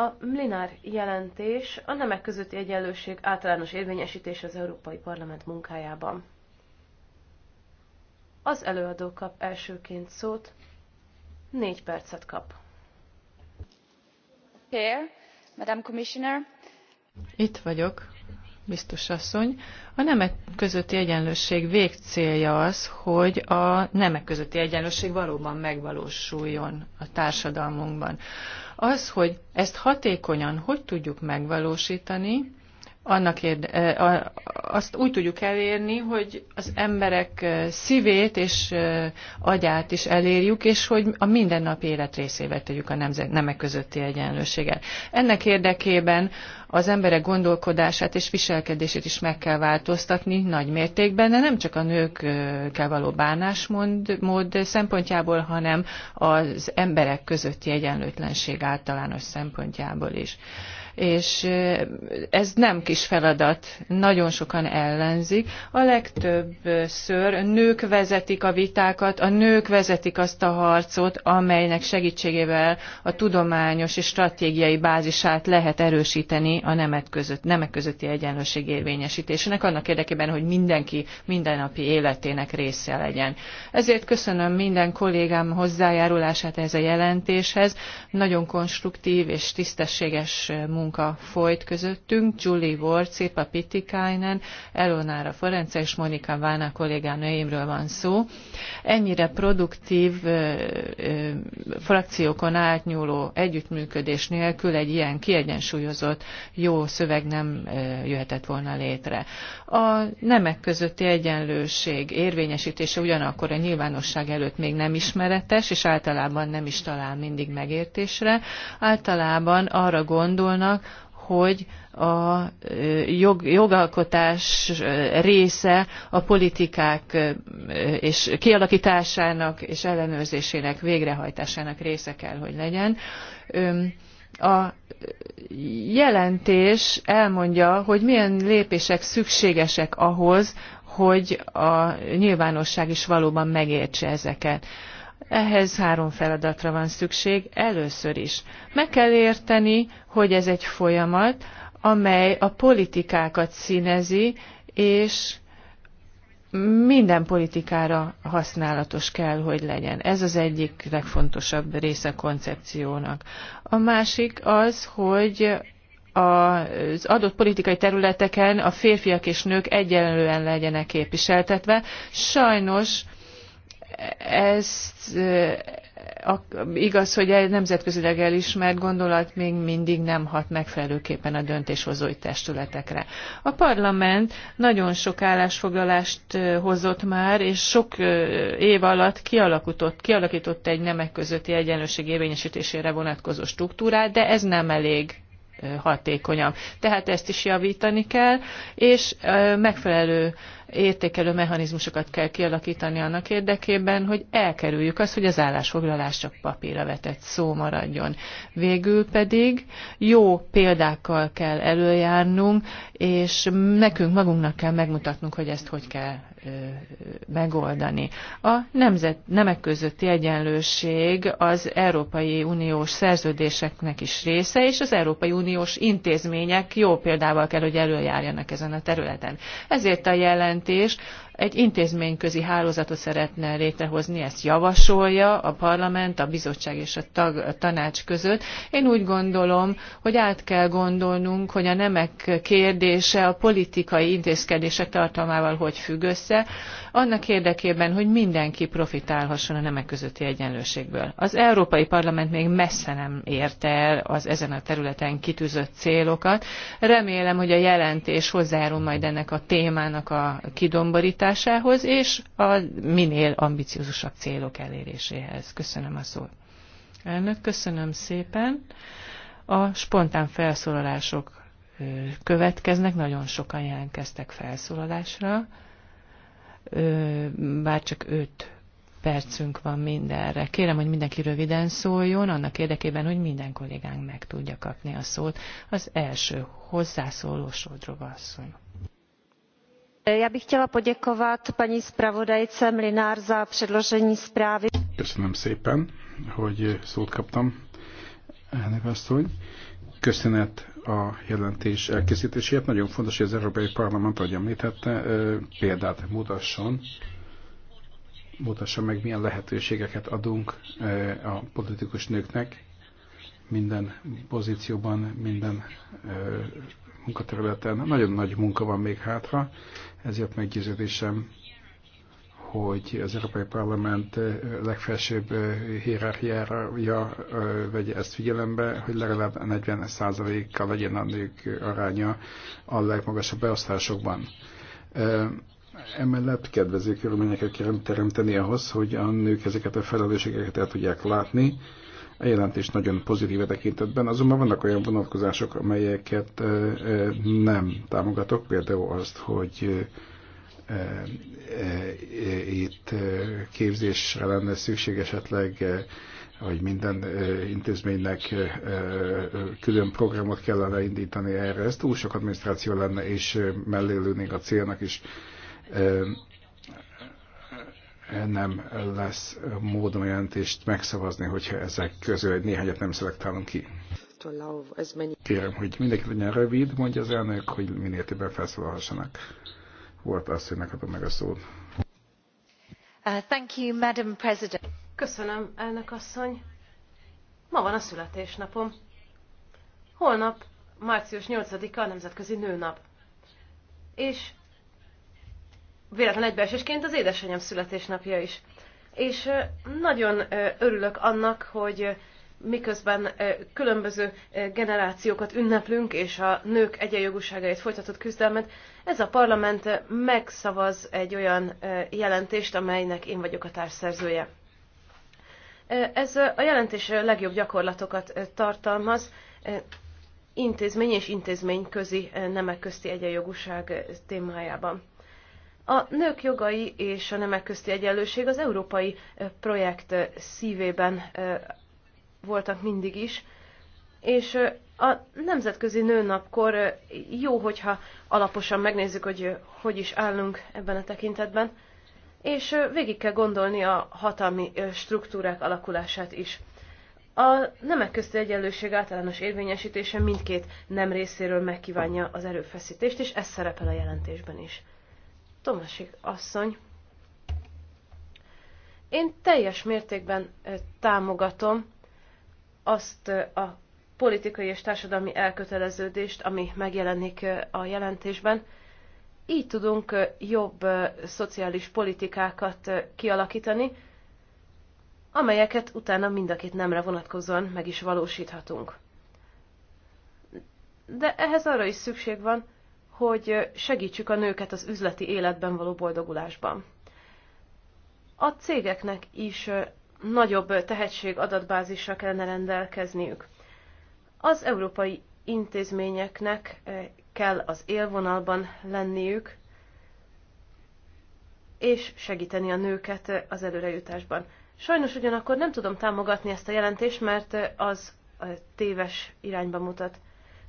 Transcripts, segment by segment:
A Mlinár jelentés a nemek közötti egyenlőség általános érvényesítése az Európai Parlament munkájában. Az előadó kap elsőként szót, négy percet kap. Here, Madam Commissioner. Itt vagyok, biztos asszony. A nemek közötti egyenlőség végcélja az, hogy a nemek közötti egyenlőség valóban megvalósuljon a társadalmunkban. Az, hogy ezt hatékonyan hogy tudjuk megvalósítani, annak érde, azt úgy tudjuk elérni, hogy az emberek szívét és agyát is elérjük, és hogy a mindennapi élet részévé tegyük a nemzet, nemek közötti egyenlőséget. Ennek érdekében az emberek gondolkodását és viselkedését is meg kell változtatni nagy mértékben, de nem csak a nőkkel való bánásmód szempontjából, hanem az emberek közötti egyenlőtlenség általános szempontjából is és ez nem kis feladat, nagyon sokan ellenzik. A legtöbbször nők vezetik a vitákat, a nők vezetik azt a harcot, amelynek segítségével a tudományos és stratégiai bázisát lehet erősíteni a nemek, között, nemek közötti egyenlőség érvényesítésének, annak érdekében, hogy mindenki mindennapi életének része legyen. Ezért köszönöm minden kollégám hozzájárulását ez a jelentéshez. Nagyon konstruktív és tisztességes munka munka folyt közöttünk, Julie Ward, Szépa Pitikainen, Elonára Ferenc és Monika Vána kolléganőimről van szó. Ennyire produktív frakciókon átnyúló együttműködés nélkül egy ilyen kiegyensúlyozott jó szöveg nem jöhetett volna létre. A nemek közötti egyenlőség érvényesítése ugyanakkor a nyilvánosság előtt még nem ismeretes, és általában nem is talál mindig megértésre. Általában arra gondolnak, annak, hogy a jog, jogalkotás része a politikák és kialakításának és ellenőrzésének, végrehajtásának része kell, hogy legyen. A jelentés elmondja, hogy milyen lépések szükségesek ahhoz, hogy a nyilvánosság is valóban megértse ezeket. Ehhez három feladatra van szükség. Először is meg kell érteni, hogy ez egy folyamat, amely a politikákat színezi, és minden politikára használatos kell, hogy legyen. Ez az egyik legfontosabb része a koncepciónak. A másik az, hogy az adott politikai területeken a férfiak és nők egyenlően legyenek képviseltetve. Sajnos ezt eh, igaz, hogy egy nemzetközileg elismert gondolat még mindig nem hat megfelelőképpen a döntéshozói testületekre. A parlament nagyon sok állásfoglalást eh, hozott már, és sok eh, év alatt kialakított, kialakított egy nemek közötti egyenlőség érvényesítésére vonatkozó struktúrát, de ez nem elég hatékonyabb. Tehát ezt is javítani kell, és megfelelő értékelő mechanizmusokat kell kialakítani annak érdekében, hogy elkerüljük azt, hogy az állásfoglalás csak papírra vetett szó maradjon. Végül pedig jó példákkal kell előjárnunk, és nekünk magunknak kell megmutatnunk, hogy ezt hogy kell megoldani. A nemzet, nemek közötti egyenlőség az Európai Uniós szerződéseknek is része, és az Európai Uniós intézmények jó példával kell, hogy előjárjanak ezen a területen. Ezért a jelen jelentés egy intézményközi hálózatot szeretne létrehozni, ezt javasolja a parlament, a bizottság és a, tag, a tanács között. Én úgy gondolom, hogy át kell gondolnunk, hogy a nemek kérdése a politikai intézkedések tartalmával hogy függ össze, annak érdekében, hogy mindenki profitálhasson a nemek közötti egyenlőségből. Az Európai Parlament még messze nem érte el az ezen a területen kitűzött célokat. Remélem, hogy a jelentés hozzájárul majd ennek a témának a kidomborítására javításához és a minél ambiciózusabb célok eléréséhez. Köszönöm a szót. Elnök, köszönöm szépen. A spontán felszólalások következnek, nagyon sokan jelentkeztek felszólalásra, bár csak öt percünk van mindenre. Kérem, hogy mindenki röviden szóljon, annak érdekében, hogy minden kollégánk meg tudja kapni a szót. Az első hozzászóló Sodrova Já bych chtěla poděkovat paní zpravodajce Mlinár za předložení zprávy. Köszönöm szépen, hogy szót kaptam, elnök asszony. Köszönet a jelentés elkészítéséért. Nagyon fontos, hogy az Európai Parlament, ahogy említette, példát mutasson mutassa meg, milyen lehetőségeket adunk a politikus nőknek minden pozícióban, minden munkaterületen. Nagyon nagy munka van még hátra, ezért meggyőződésem, hogy az Európai Parlament eh, legfelsőbb eh, hierarchiája eh, vegye ezt figyelembe, hogy legalább 40%-kal legyen a nők aránya a legmagasabb beosztásokban. Emellett kedvező körülményeket kell teremteni ahhoz, hogy a nők ezeket a felelősségeket el tudják látni, a jelentés nagyon pozitív tekintetben, azonban vannak olyan vonatkozások, amelyeket nem támogatok, például azt, hogy itt képzésre lenne szükség esetleg, hogy minden intézménynek külön programot kellene indítani erre. Ez túl sok adminisztráció lenne, és mellélőnénk a célnak is nem lesz módon jelentést megszavazni, hogyha ezek közül egy néhányat nem szelektálom ki. Kérem, hogy mindenki legyen rövid, mondja az elnök, hogy minél többen felszólalhassanak. Volt az, hogy megadom meg a szót. Uh, thank you, Madam President. Köszönöm, elnök asszony. Ma van a születésnapom. Holnap, március 8-a a Nemzetközi Nőnap. És véletlen egybeesésként az édesanyám születésnapja is. És nagyon örülök annak, hogy miközben különböző generációkat ünneplünk, és a nők egyenjogúságait folytatott küzdelmet, ez a parlament megszavaz egy olyan jelentést, amelynek én vagyok a társszerzője. Ez a jelentés legjobb gyakorlatokat tartalmaz, intézmény és intézmény közi nemek közti egyenjogúság témájában. A nők jogai és a nemek közti egyenlőség az európai projekt szívében voltak mindig is, és a Nemzetközi Nőnapkor jó, hogyha alaposan megnézzük, hogy hogy is állunk ebben a tekintetben, és végig kell gondolni a hatalmi struktúrák alakulását is. A nemek közti egyenlőség általános érvényesítése mindkét nem részéről megkívánja az erőfeszítést, és ez szerepel a jelentésben is. Tomasik asszony, én teljes mértékben támogatom azt a politikai és társadalmi elköteleződést, ami megjelenik a jelentésben. Így tudunk jobb szociális politikákat kialakítani, amelyeket utána mind a két nemre vonatkozóan meg is valósíthatunk. De ehhez arra is szükség van, hogy segítsük a nőket az üzleti életben való boldogulásban. A cégeknek is nagyobb tehetség adatbázisra kellene rendelkezniük. Az európai intézményeknek kell az élvonalban lenniük, és segíteni a nőket az előrejutásban. Sajnos ugyanakkor nem tudom támogatni ezt a jelentést, mert az téves irányba mutat.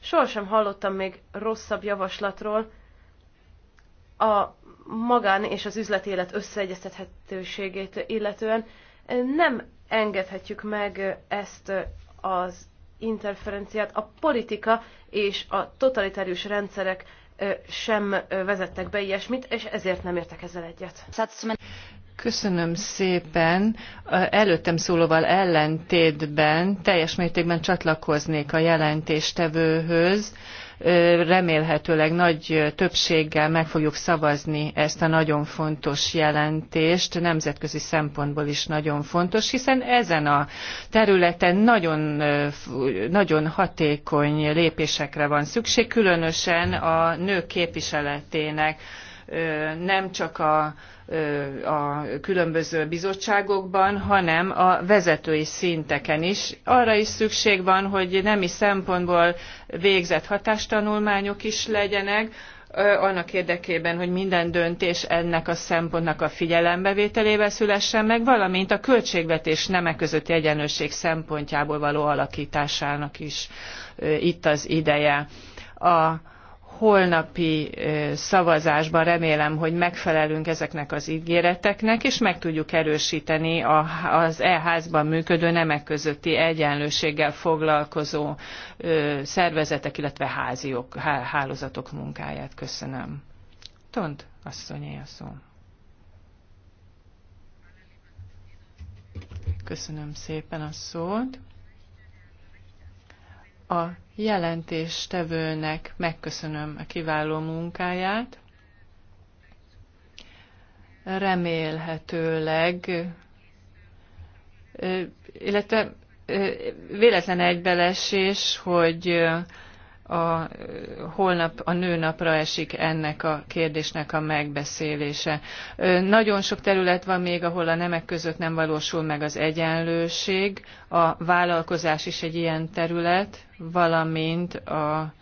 Sohasem hallottam még rosszabb javaslatról a magán és az üzletélet összeegyeztethetőségét illetően. Nem engedhetjük meg ezt az interferenciát. A politika és a totalitárius rendszerek sem vezettek be ilyesmit, és ezért nem értek ezzel egyet. Köszönöm szépen. Előttem szólóval ellentétben teljes mértékben csatlakoznék a jelentéstevőhöz. Remélhetőleg nagy többséggel meg fogjuk szavazni ezt a nagyon fontos jelentést, nemzetközi szempontból is nagyon fontos, hiszen ezen a területen nagyon, nagyon hatékony lépésekre van szükség, különösen a nők képviseletének nem csak a, a különböző bizottságokban, hanem a vezetői szinteken is. Arra is szükség van, hogy nemi szempontból végzett hatástanulmányok is legyenek, annak érdekében, hogy minden döntés ennek a szempontnak a figyelembevételével szülessen meg, valamint a költségvetés nemek közötti egyenlőség szempontjából való alakításának is itt az ideje. A holnapi szavazásban remélem, hogy megfelelünk ezeknek az ígéreteknek, és meg tudjuk erősíteni az e-házban működő nemek közötti egyenlőséggel foglalkozó szervezetek, illetve háziok, hálózatok munkáját. Köszönöm. Tont asszonyé a szó. Köszönöm szépen a szót. A jelentéstevőnek megköszönöm a kiváló munkáját. Remélhetőleg, illetve véletlen egybelesés, hogy a, holnap a nőnapra esik ennek a kérdésnek a megbeszélése. Nagyon sok terület van még, ahol a nemek között nem valósul meg az egyenlőség, a vállalkozás is egy ilyen terület, valamint a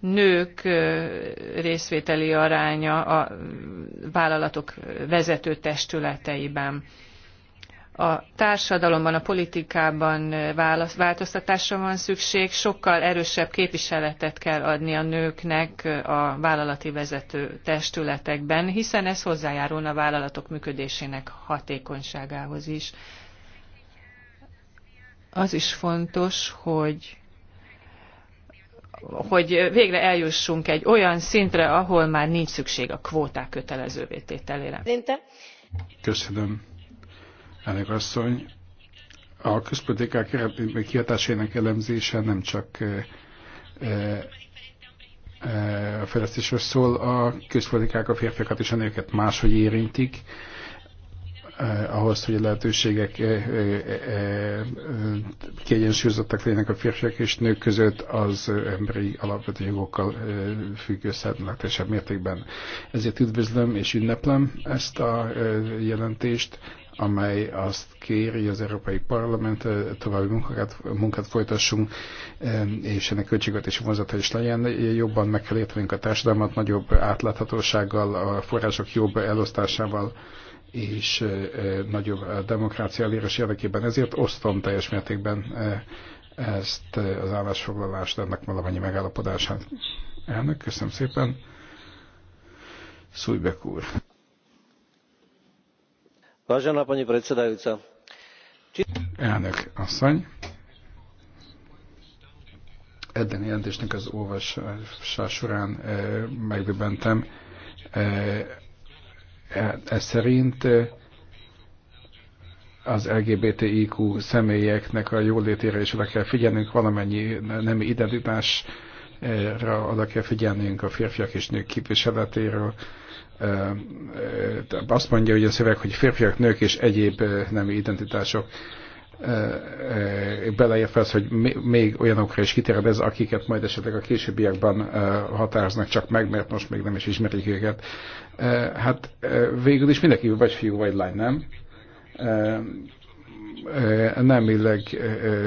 nők részvételi aránya a vállalatok vezető testületeiben a társadalomban, a politikában változtatásra van szükség, sokkal erősebb képviseletet kell adni a nőknek a vállalati vezető testületekben, hiszen ez hozzájárulna a vállalatok működésének hatékonyságához is. Az is fontos, hogy hogy végre eljussunk egy olyan szintre, ahol már nincs szükség a kvóták kötelező vétételére. Köszönöm elnök asszony. A közpolitikák kihatásainak elemzése nem csak a fejlesztésről szól, a közpolitikák a férfiakat és a nőket máshogy érintik, ahhoz, hogy a lehetőségek kiegyensúlyozottak legyenek a férfiak és nők között, az emberi alapvető jogokkal függ össze mértékben. Ezért üdvözlöm és ünneplem ezt a jelentést, amely azt kéri az Európai Parlament eh, további munkát, munkát folytassunk, eh, és ennek költségvetési vonzata is legyen. Jobban meg kell értenünk a társadalmat, nagyobb átláthatósággal, a források jobb elosztásával és eh, nagyobb demokrácia elérés érdekében. Ezért osztom teljes mértékben ezt az állásfoglalást, ennek valamennyi megállapodását. Elnök, köszönöm szépen. Szújbek úr elnök asszony eddeni jelentésnek az olvasása során e, megdöbbentem e, e, ez szerint az LGBTIQ személyeknek a jólétére is oda kell figyelnünk, valamennyi nemi identitásra oda kell figyelnünk a férfiak és nők képviseletéről, azt mondja, hogy a szöveg, hogy férfiak, nők és egyéb nemi identitások beleértve az, hogy még olyanokra is kitered ez, akiket majd esetleg a későbbiekben határoznak csak meg, mert most még nem is ismerik őket. Hát végül is mindenki vagy fiú, vagy lány, nem? Nemileg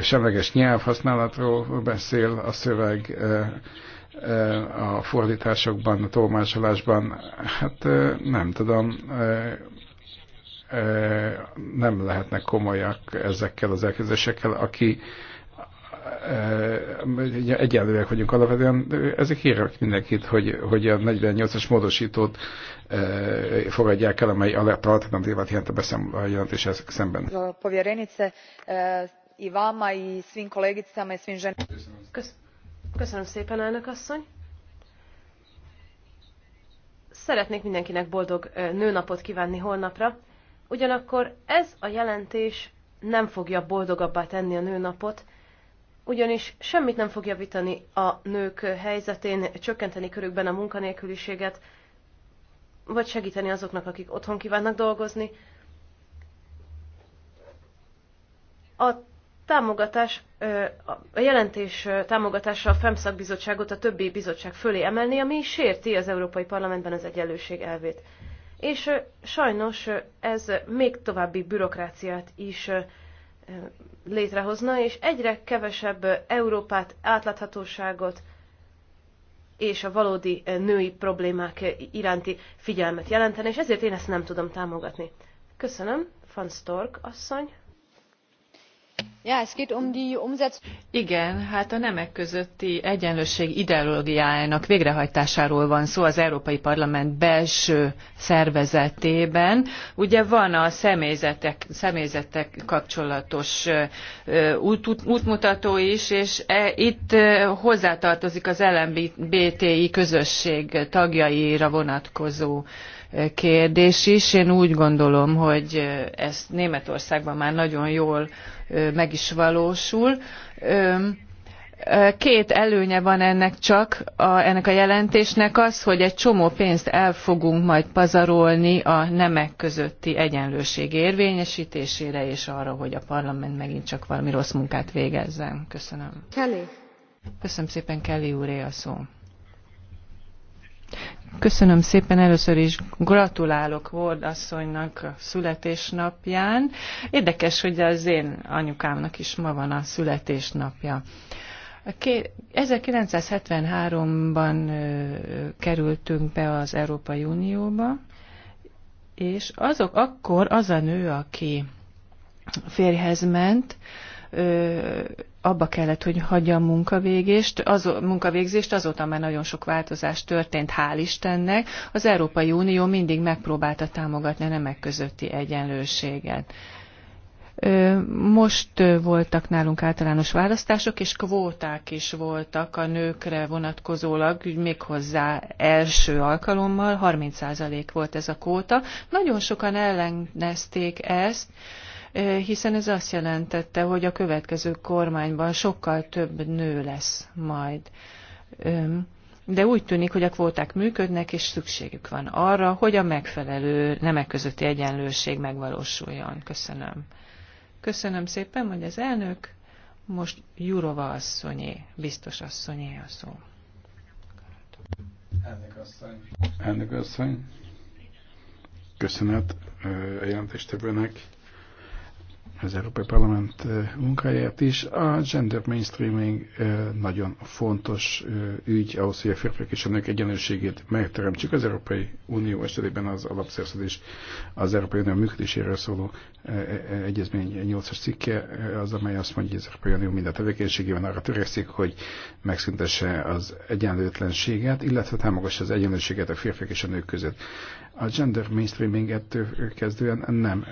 semleges nyelvhasználatról beszél a szöveg, a fordításokban, a tolmácsolásban, hát nem tudom, nem lehetnek komolyak ezekkel az elképzelésekkel, aki egyenlőek vagyunk alapvetően, ezek hírek mindenkit, hogy, hogy a 48-as módosítót fogadják el, amely a alternatívát jelent a, beszem, ezek jelentéshez szemben. Povjerenice, i vama i svim kolegicama i svim ženama. Köszönöm szépen, elnök asszony. Szeretnék mindenkinek boldog nőnapot kívánni holnapra, ugyanakkor ez a jelentés nem fogja boldogabbá tenni a nőnapot, ugyanis semmit nem fog javítani a nők helyzetén, csökkenteni körükben a munkanélküliséget, vagy segíteni azoknak, akik otthon kívánnak dolgozni. A támogatás, a jelentés támogatása a FEMSZAK bizottságot a többi bizottság fölé emelni, ami sérti az Európai Parlamentben az egyenlőség elvét. És sajnos ez még további bürokráciát is létrehozna, és egyre kevesebb Európát, átláthatóságot és a valódi női problémák iránti figyelmet jelentene, és ezért én ezt nem tudom támogatni. Köszönöm, Van Stork asszony. Um Igen, hát a nemek közötti egyenlőség ideológiájának végrehajtásáról van szó az Európai Parlament belső szervezetében. Ugye van a személyzetek, személyzetek kapcsolatos út, útmutató is, és e, itt hozzátartozik az LMBTI közösség tagjaira vonatkozó kérdés is. Én úgy gondolom, hogy ezt Németországban már nagyon jól meg is valósul. Két előnye van ennek csak, a, ennek a jelentésnek az, hogy egy csomó pénzt el fogunk majd pazarolni a nemek közötti egyenlőség érvényesítésére, és arra, hogy a parlament megint csak valami rossz munkát végezzen. Köszönöm. Kelly. Köszönöm szépen, Kelly úré a szó. Köszönöm szépen, először is gratulálok Ward asszonynak a születésnapján. Érdekes, hogy az én anyukámnak is ma van a születésnapja. 1973-ban kerültünk be az Európai Unióba, és azok akkor az a nő, aki férjhez ment, abba kellett, hogy hagyja a munkavégést, az, munkavégzést, azóta már nagyon sok változás történt, hál' Istennek. Az Európai Unió mindig megpróbálta támogatni a nemek közötti egyenlőséget. Most voltak nálunk általános választások, és kvóták is voltak a nőkre vonatkozólag, méghozzá első alkalommal, 30% volt ez a kvóta. Nagyon sokan ellenezték ezt, Eh, hiszen ez azt jelentette, hogy a következő kormányban sokkal több nő lesz majd. De úgy tűnik, hogy a kvóták működnek, és szükségük van arra, hogy a megfelelő nemek közötti egyenlőség megvalósuljon. Köszönöm. Köszönöm szépen, hogy az elnök. Most Jurova asszonyé, biztos asszonyé a szó. Elnök asszony. Elnök asszony. Köszönet a jelentéstevőnek az Európai Parlament munkáját is. A gender mainstreaming nagyon fontos ügy ahhoz, hogy a férfiak és a nők egyenlőségét megteremtsük. Az Európai Unió esetében az alapszerződés az Európai Unió működéséről szóló egyezmény 8-as cikke az, amely azt mondja, hogy az Európai Unió minden tevékenységében arra törekszik, hogy megszüntesse az egyenlőtlenséget, illetve támogassa az egyenlőséget a férfiak és a nők között. A gender mainstreaming ettől kezdően nem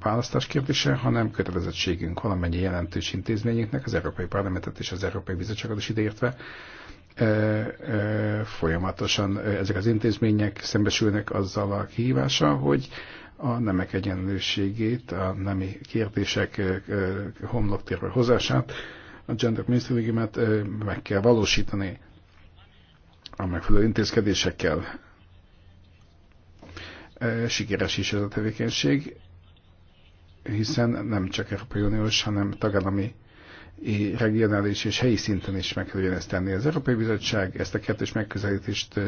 választás kérdése, hanem kötelezettségünk valamennyi jelentős intézményünknek, az Európai Parlamentet és az Európai Bizottságot is ideértve, folyamatosan ezek az intézmények szembesülnek azzal a kihívással, hogy a nemek egyenlőségét, a nemi kérdések homloktéről hozását, a gender mainstreaminget meg kell valósítani a megfelelő intézkedésekkel sikeres is ez a tevékenység, hiszen nem csak Európai Uniós, hanem tagállami regionális és helyi szinten is meg kell ezt tenni. Az Európai Bizottság ezt a kettős megközelítést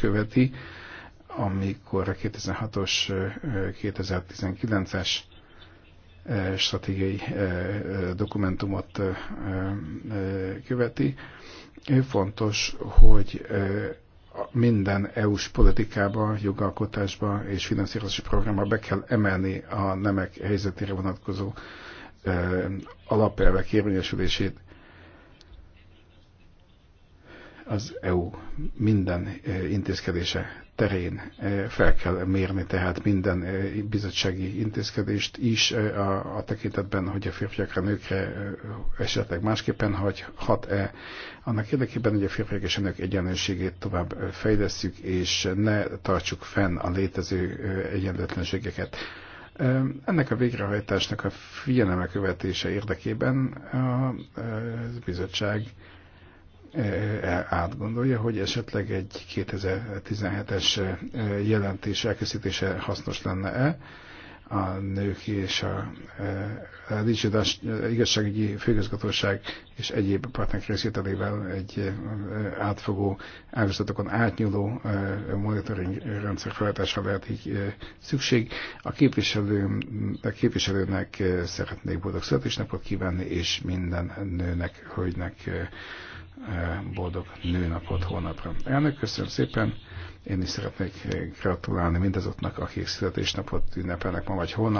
követi, amikor a 2006-os, 2019-es stratégiai dokumentumot követi. Fontos, hogy minden EU-s politikába, jogalkotásba és finanszírozási programba be kell emelni a nemek helyzetére vonatkozó alapelvek érvényesülését az EU minden intézkedése terén eh, fel kell mérni tehát minden eh, bizottsági intézkedést is eh, a, a tekintetben, hogy a férfiakra, nőkre esetleg másképpen hogy hat-e. Annak érdekében, hogy a férfiak és a nők egyenlőségét tovább fejlesztjük, és ne tartsuk fenn a létező egyenlőtlenségeket. Ennek a végrehajtásnak a figyeleme követése érdekében a bizottság átgondolja, hogy esetleg egy 2017-es jelentés elkészítése hasznos lenne-e a nők és a, a dicsődás igazságügyi főgazgatóság és egyéb partnerek részvételével egy átfogó ágazatokon átnyúló monitoring rendszer felállítása lehet így szükség. A, képviselő, a képviselőnek szeretnék boldog születésnapot kívánni, és minden nőnek, hölgynek Eh, boldog nőnapot holnapra. Elnök, köszönöm szépen! Én is szeretnék gratulálni mindazoknak, akik születésnapot ünnepelnek ma vagy holnap.